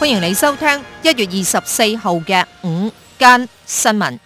歡迎你收聽一月二十四號嘅午間新聞。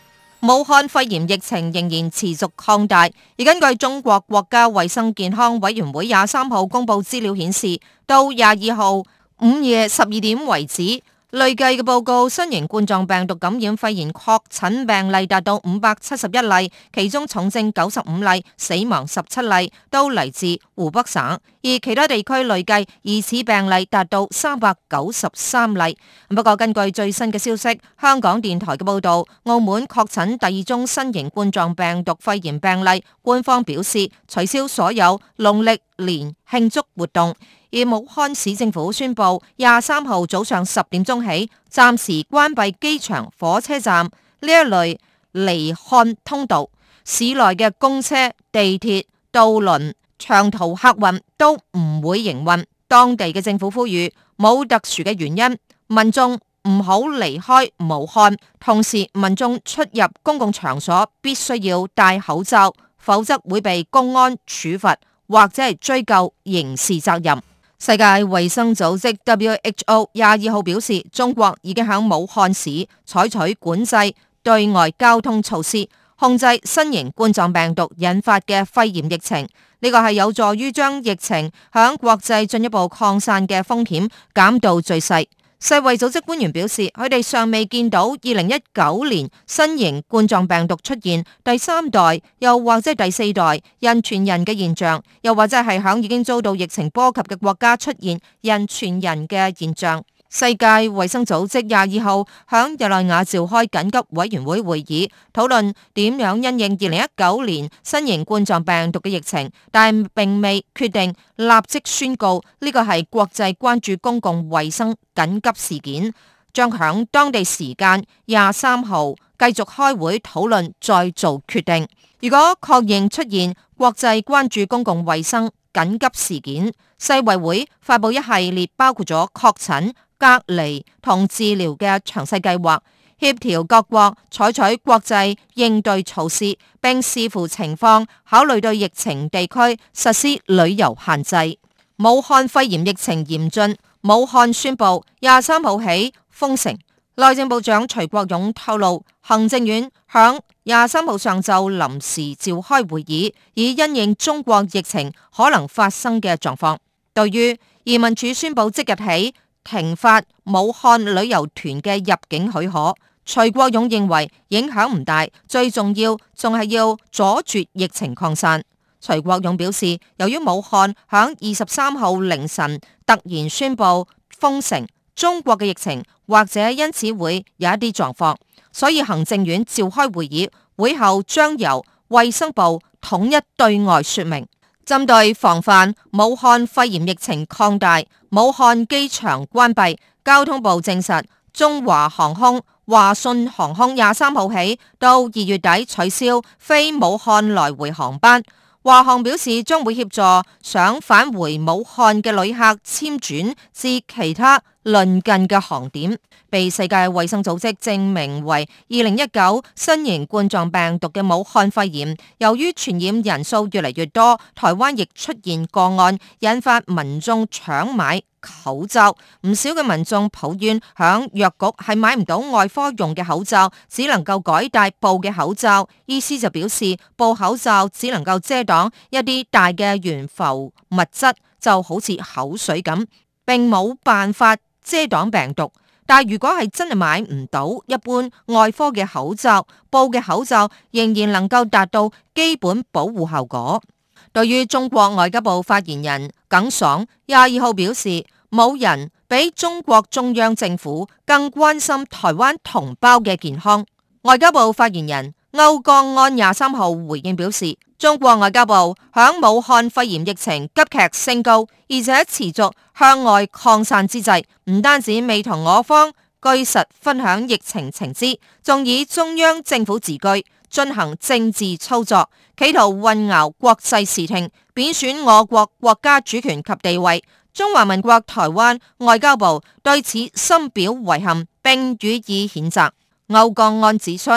武漢肺炎疫情仍然持續擴大，而根據中國國家衛生健康委員會廿三號公布資料顯示，到廿二號午夜十二點為止，累計嘅報告新型冠狀病毒感染肺炎確診病例達到五百七十一例，其中重症九十五例，死亡十七例，都嚟自湖北省。而其他地區累計疑似病例達到三百九十三例。不過根據最新嘅消息，香港電台嘅報導，澳門確診第二宗新型冠狀病毒肺炎病例。官方表示取消所有農曆年慶祝活動。而武漢市政府宣布廿三號早上十點鐘起，暫時關閉機場、火車站呢一類離漢通道，市內嘅公車、地鐵、渡輪、長途客運都唔會營運。當地嘅政府呼籲，冇特殊嘅原因，民眾唔好離開武漢。同時，民眾出入公共場所必須要戴口罩，否則會被公安處罰或者係追究刑事責任。世界衛生組織 WHO 廿二號表示，中國已經喺武漢市採取管制對外交通措施，控制新型冠狀病毒引發嘅肺炎疫情。呢個係有助於將疫情響國際進一步擴散嘅風險減到最細。世衛組織官員表示，佢哋尚未見到二零一九年新型冠狀病毒出現第三代又或者第四代人傳人嘅現象，又或者係響已經遭到疫情波及嘅國家出現人傳人嘅現象。世界衛生組織廿二號響日內瓦召開緊急委員會會議，討論點樣因應二零一九年新型冠狀病毒嘅疫情，但係並未決定立即宣告呢個係國際關注公共衛生緊急事件，將響當地時間廿三號繼續開會討論再做決定。如果確認出現國際關注公共衛生緊急事件，世衛會發佈一系列包括咗確診。隔離同治療嘅詳細計劃，協調各國採取國際應對措施，並視乎情況考慮對疫情地區實施旅遊限制。武漢肺炎疫情嚴峻，武漢宣布廿三號起封城。內政部長徐國勇透露，行政院響廿三號上晝臨時召開會議，以因應中國疫情可能發生嘅狀況。對於移民署宣布即日起。停發武漢旅遊團嘅入境許可，徐國勇認為影響唔大，最重要仲係要阻絕疫情擴散。徐國勇表示，由於武漢響二十三號凌晨突然宣布封城，中國嘅疫情或者因此會有一啲狀況，所以行政院召開會議，會後將由衛生部統一對外說明。針對防範武漢肺炎疫情擴大，武漢機場關閉，交通部證實中華航空、華信航空廿三號起到二月底取消飛武漢來回航班。華航表示將會協助想返回武漢嘅旅客簽轉至其他。鄰近嘅航點被世界衛生組織證明為二零一九新型冠狀病毒嘅武漢肺炎。由於傳染人數越嚟越多，台灣亦出現個案，引發民眾搶買口罩。唔少嘅民眾抱怨響藥局係買唔到外科用嘅口罩，只能夠改戴布嘅口罩。醫師就表示，布口罩只能夠遮擋一啲大嘅懸浮物質，就好似口水咁，並冇辦法。遮擋病毒，但如果係真係買唔到，一般外科嘅口罩，布嘅口罩仍然能夠達到基本保護效果。對於中國外交部發言人耿爽廿二號表示，冇人比中國中央政府更關心台灣同胞嘅健康。外交部發言人，歐江安廿三號回應表示，中國外交部響武漢肺炎疫情急劇升高，而且持續向外擴散之際，唔單止未同我方據實分享疫情情資，仲以中央政府自居進行政治操作，企圖混淆國際視聽，貶損我國國家主權及地位。中華民國台灣外交部對此深表遺憾，並予以譴責。歐江安指出。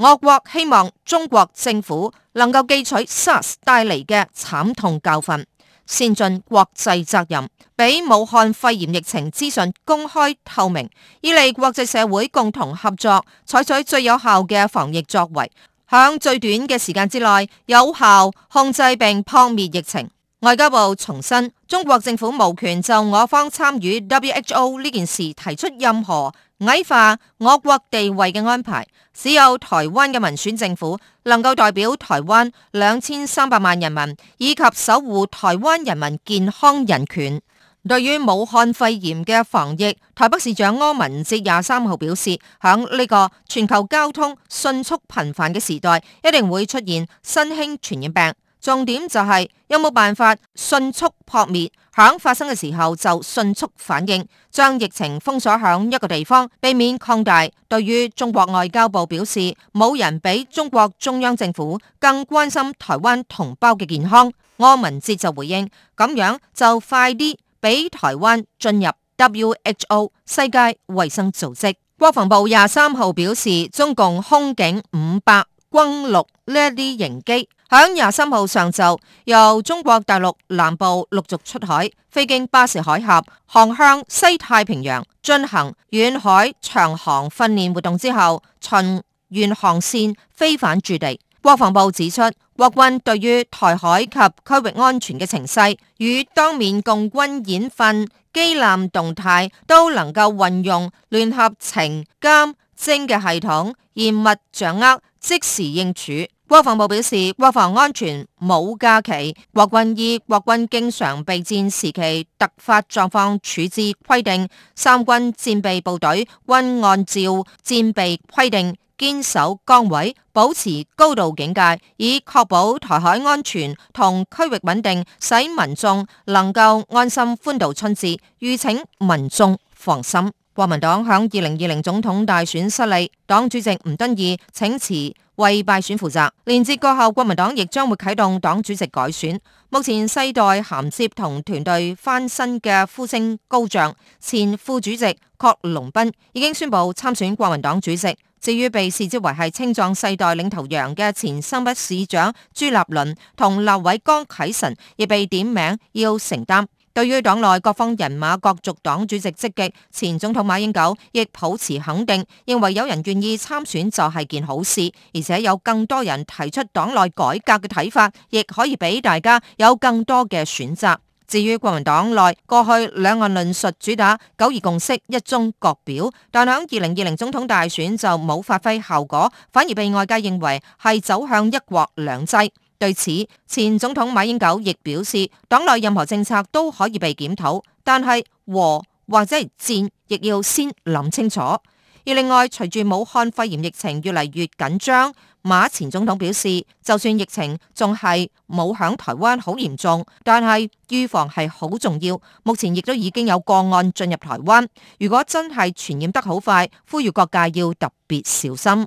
我國希望中國政府能夠汲取 SARS 帶嚟嘅慘痛教訓，善盡國際責任，俾武漢肺炎疫情資訊公開透明，以利國際社會共同合作，採取最有效嘅防疫作為，響最短嘅時間之內有效控制並撲滅疫情。外交部重申，中國政府無權就我方參與 WHO 呢件事提出任何矮化我國地位嘅安排。只有台灣嘅民選政府能夠代表台灣兩千三百萬人民，以及守護台灣人民健康人權。對於武漢肺炎嘅防疫，台北市長柯文哲廿三號表示，響呢個全球交通迅速頻繁嘅時代，一定會出現新興傳染病。重點就係、是，有冇辦法迅速撲滅，響發生嘅時候就迅速反應，將疫情封鎖響一個地方，避免擴大。對於中國外交部表示，冇人比中國中央政府更關心台灣同胞嘅健康。柯文哲就回應：，咁樣就快啲俾台灣進入 WHO 世界衛生組織。國防部廿三號表示，中共空警五百、轟六呢啲型機。喺廿三號上晝，由中國大陸南部陸續出海，飛經巴士海峽，航向西太平洋進行遠海長航訓練活動之後，循原航線飛返駐地。國防部指出，國軍對於台海及區域安全嘅情勢，與當面共軍演訓、機艦動態，都能夠運用聯合情監偵嘅系統，嚴密掌握，即時應處。國防部表示，國防安全冇假期。國軍依國軍經常備戰時期突發狀況處置規定，三軍戰備部隊均按照戰備規定堅守崗位，保持高度警戒，以確保台海安全同區域穩定，使民眾能夠安心歡度春節。籲請民眾放心。國民黨響二零二零總統大選失利，黨主席吳敦義請辭。為敗選負責。連捷過後，國民黨亦將會啟動黨主席改選。目前世代銜接同團隊翻身嘅呼聲高漲，前副主席郝龍斌已經宣佈參選國民黨主席。至於被視之為係青壯世代領頭羊嘅前新北市長朱立倫同立委江啟臣亦被點名要承擔。對於黨內各方人馬角逐黨主席積極，前總統馬英九亦抱持肯定，認為有人願意參選就係件好事，而且有更多人提出黨內改革嘅睇法，亦可以俾大家有更多嘅選擇。至於國民黨內過去兩岸論述主打九二共識、一中各表，但響二零二零總統大選就冇發揮效果，反而被外界認為係走向一國兩制。對此，前總統馬英九亦表示，黨內任何政策都可以被檢討，但係和或者係戰，亦要先諗清楚。而另外，隨住武漢肺炎疫情越嚟越緊張，馬前總統表示，就算疫情仲係冇響台灣好嚴重，但係預防係好重要。目前亦都已經有個案進入台灣，如果真係傳染得好快，呼籲各界要特別小心。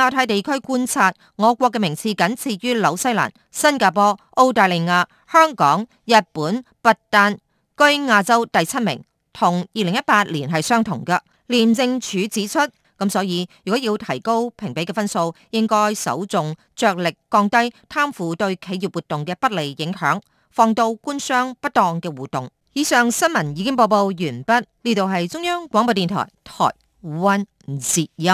亞太地區觀察，我國嘅名次僅次於紐西蘭、新加坡、澳大利亞、香港、日本、不丹，居亞洲第七名，同二零一八年係相同嘅。廉政署指出，咁所以如果要提高評比嘅分數，應該首重着力降低貪腐對企業活動嘅不利影響，放到官商不當嘅互動。以上新聞已經播報完畢，呢度係中央廣播電台台灣之音。